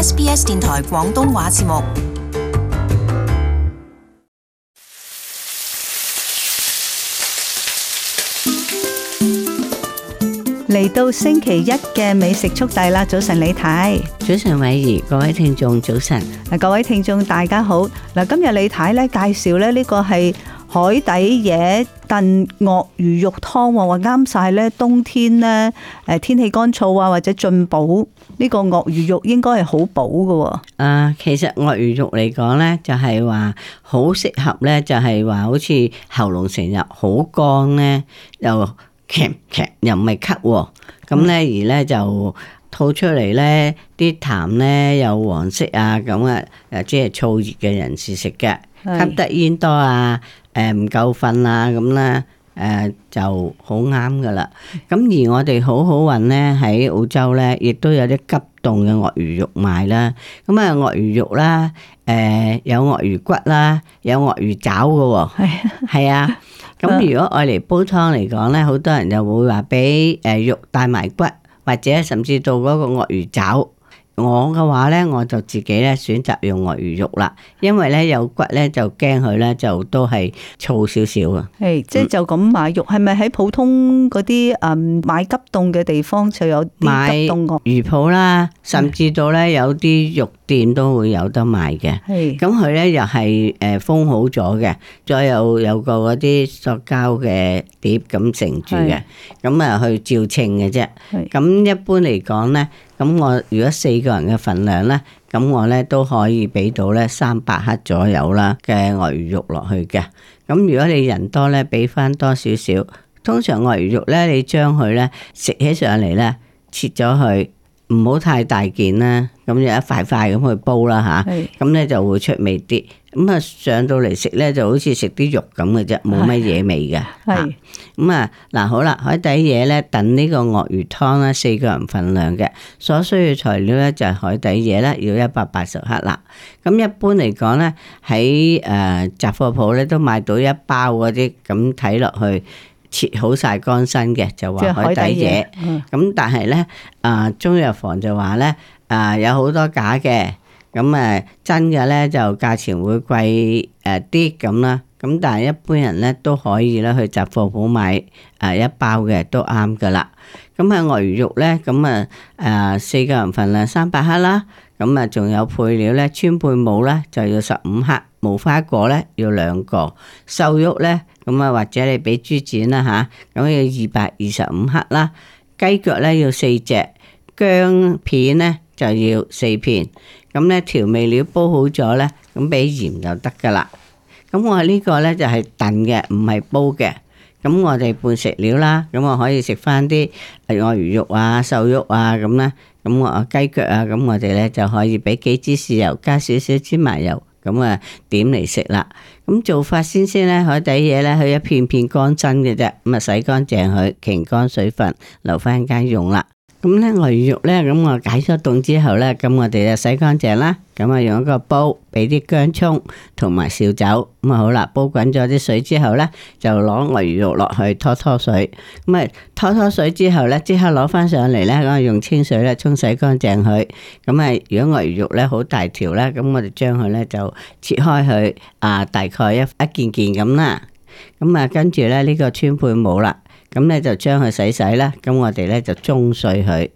SBS 電台廣東話節目嚟到星期一嘅美食速遞啦！早晨李太，早晨偉儀，各位聽眾早晨。嗱，各位聽眾大家好。嗱，今日李太咧介紹咧呢個係海底椰。燉鱷魚肉湯，話啱晒咧，冬天咧，誒天氣乾燥啊，或者進補，呢、這個鱷魚肉應該係好補噶。啊，其實鱷魚肉嚟講咧，就係話好適合咧，就係、是、話好似喉嚨成日好乾咧，又，嘯嘯，又咳咳又唔係咳，咁咧、嗯、而咧就吐出嚟咧啲痰咧有黃色啊咁啊，誒即係燥熱嘅人士食嘅，是吸得煙多啊。誒，唔夠瞓啦，咁咧，誒、呃、就好啱噶啦。咁而我哋好好運咧，喺澳洲咧，亦都有啲急凍嘅鱷魚肉賣啦。咁、嗯、啊，鱷魚肉啦，誒、呃，有鱷魚骨啦，有鱷魚爪噶喎、哦。係 啊，係啊。咁如果愛嚟煲湯嚟講咧，好多人就會話俾誒肉帶埋骨，或者甚至到嗰個鱷魚爪。我嘅話咧，我就自己咧選擇用鱷魚肉啦，因為咧有骨咧就驚佢咧就都係燥少少啊。係即係就咁買肉，係咪喺普通嗰啲誒買急凍嘅地方就有急買急凍個魚鋪啦，甚至到咧有啲肉店都會有得賣嘅。係咁佢咧又係誒封好咗嘅，再有有個嗰啲塑膠嘅碟咁盛住嘅，咁啊是去照稱嘅啫。係咁是一般嚟講咧。咁我如果四個人嘅份量咧，咁我咧都可以俾到咧三百克左右啦嘅鱷魚肉落去嘅。咁如果你人多咧，俾翻多少少。通常鱷魚肉咧，你將佢咧食起上嚟咧，切咗佢。唔好太大件啦，咁就一塊塊咁去煲啦吓，咁咧是就會出味啲。咁啊上到嚟食咧就好似食啲肉咁嘅啫，冇乜嘢味嘅。咁啊嗱好啦，海底嘢咧燉呢等個鱷魚湯啦，四個人份量嘅所需要材料咧就係、是、海底嘢啦，要一百八十克啦。咁一般嚟講咧喺誒雜貨鋪咧都買到一包嗰啲，咁睇落去。切好晒乾身嘅就話海底嘢，咁、嗯、但係呢，啊中藥房就話呢，啊有好多假嘅，咁啊真嘅呢，就價錢會貴誒啲咁啦，咁但係一般人呢，都可以啦去雜貨鋪買誒一包嘅都啱噶啦。咁啊鱷魚肉呢，咁啊誒四個人份量，三百克啦，咁啊仲有配料呢，川貝母呢，就要十五克。無花果咧要兩個，瘦肉咧，咁啊或者你俾豬展啦吓，咁要二百二十五克啦。雞腳咧要四隻，薑片咧就要四片。咁咧調味料煲好咗咧，咁俾鹽就得噶啦。咁我呢個咧就係燉嘅，唔係煲嘅。咁我哋半食料啦，咁我可以食翻啲鱷魚肉啊、瘦肉啊咁啦。咁我啊雞腳啊，咁我哋咧就可以俾幾支豉油，加少少芝麻油。咁啊、嗯，點嚟食啦？咁、嗯、做法先先咧，海底椰咧，佢一片片乾身嘅啫，咁、嗯、啊，洗乾淨佢，擰乾水分，留返間用啦。咁咧，鱷魚肉咧，咁我解咗凍之後咧，咁我哋就洗乾淨啦。咁啊，用一個煲，俾啲薑蔥同埋燒酒，咁啊好啦，煲滾咗啲水之後咧，就攞鱷魚肉落去拖拖水。咁啊，拖拖水之後咧，即刻攞翻上嚟咧，咁啊用清水咧沖洗乾淨佢。咁啊，如果鱷魚肉咧好大條咧，咁我哋將佢咧就切開佢，啊大概一一件件咁啦。咁啊，跟住咧呢個川貝母啦。咁咧就將佢洗洗啦，咁我哋咧就中碎佢。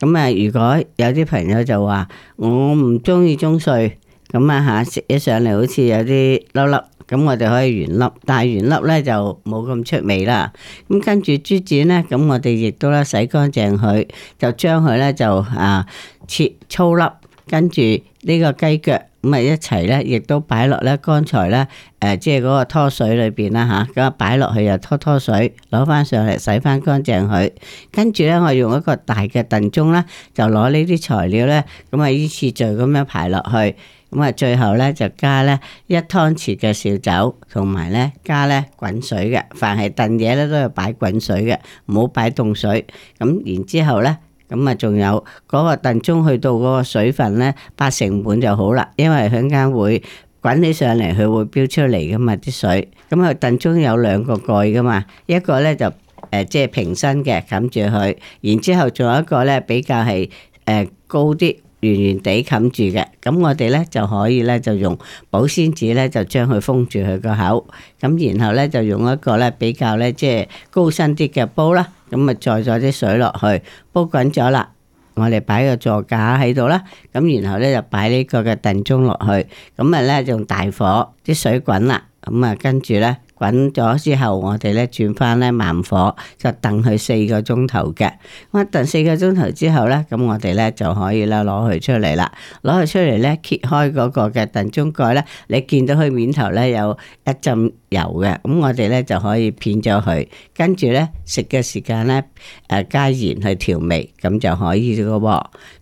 咁啊，如果有啲朋友就話我唔中意中碎，咁啊吓食起上嚟好似有啲粒粒，咁我哋可以原粒，但係原粒咧就冇咁出味啦。咁跟住豬展咧，咁我哋亦都咧洗乾淨佢，就將佢咧就啊切粗粒，跟住呢個雞腳。咁啊，一齊咧，亦都擺落咧，剛才咧，誒，即係嗰個拖水裏邊啦嚇，咁啊，擺落去又拖拖水，攞翻上嚟洗翻乾淨佢。跟住咧，我用一個大嘅燉盅啦，就攞呢啲材料咧，咁啊依次序咁樣排落去，咁啊最後咧就加咧一湯匙嘅紹酒，同埋咧加咧滾水嘅，凡係燉嘢咧都要擺滾水嘅，唔好擺凍水。咁然之後咧。咁啊，仲有嗰個燉盅去到嗰個水分呢，八成滿就好啦。因為響間會滾起上嚟，佢會飆出嚟㗎嘛啲水。咁啊，燉盅有兩個蓋㗎嘛，一個呢就誒即係平身嘅冚住佢，然之後仲有一個呢，比較係誒高啲。圓圓地冚住嘅，咁我哋咧就可以咧就用保鮮紙咧就將佢封住佢個口，咁然後咧就用一個咧比較咧即係高身啲嘅煲啦，咁啊載咗啲水落去，煲滾咗啦，我哋擺個座架喺度啦，咁然後咧就擺呢個嘅燉盅落去，咁啊咧用大火啲水滾啦，咁啊跟住咧。滾咗之後，我哋咧轉翻咧慢火，就燉佢四個鐘頭嘅。咁燉四個鐘頭之後咧，咁我哋咧就可以啦，攞佢出嚟啦。攞佢出嚟咧，揭開嗰個嘅燉盅蓋咧，你見到佢面頭咧有一浸油嘅。咁我哋咧就可以片咗佢，跟住咧食嘅時間咧，誒加鹽去調味，咁就可以噶。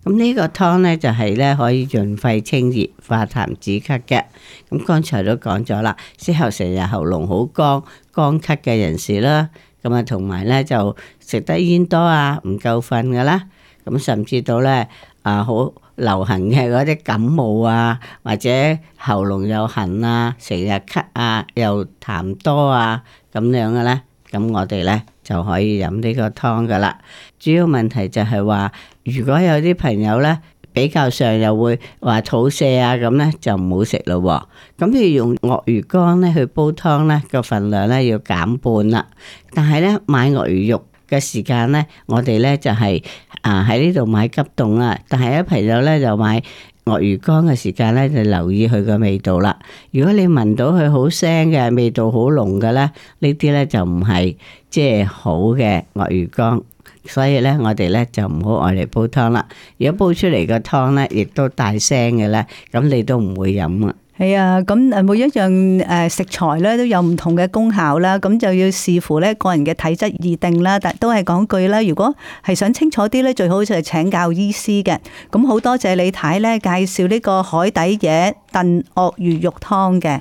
咁呢個湯咧就係咧可以潤肺清熱、化痰止咳嘅。咁剛才都講咗啦，適合成日喉嚨好。肝乾咳嘅人士啦，咁啊，同埋咧就食得煙多啊，唔夠瞓噶啦，咁甚至到咧啊好流行嘅嗰啲感冒啊，或者喉嚨又痕啊，成日咳啊，又痰多啊，咁樣嘅咧，咁我哋咧就可以飲呢個湯噶啦。主要問題就係話，如果有啲朋友咧。比較上又會話肚瀉啊，咁呢就唔好食咯喎。咁要用鱷魚乾呢去煲湯呢，個份量呢要減半啦。但係呢，買鱷魚肉嘅時間呢，我哋呢就係、是、啊喺呢度買急凍啦。但係啲朋友呢，就買鱷魚乾嘅時間呢，就留意佢嘅味道啦。如果你聞到佢好腥嘅味道好濃嘅呢，呢啲呢，就唔係即係好嘅鱷魚乾。所以咧，我哋咧就唔好外嚟煲湯啦。如果煲出嚟個湯咧，亦都大聲嘅咧，咁你都唔會飲啊。係啊，咁誒，每一樣誒食材咧都有唔同嘅功效啦。咁就要視乎咧個人嘅體質而定啦。但都係講句啦，如果係想清楚啲咧，最好就係請教醫師嘅。咁好多謝李太咧介紹呢個海底椰燉鱷魚肉湯嘅。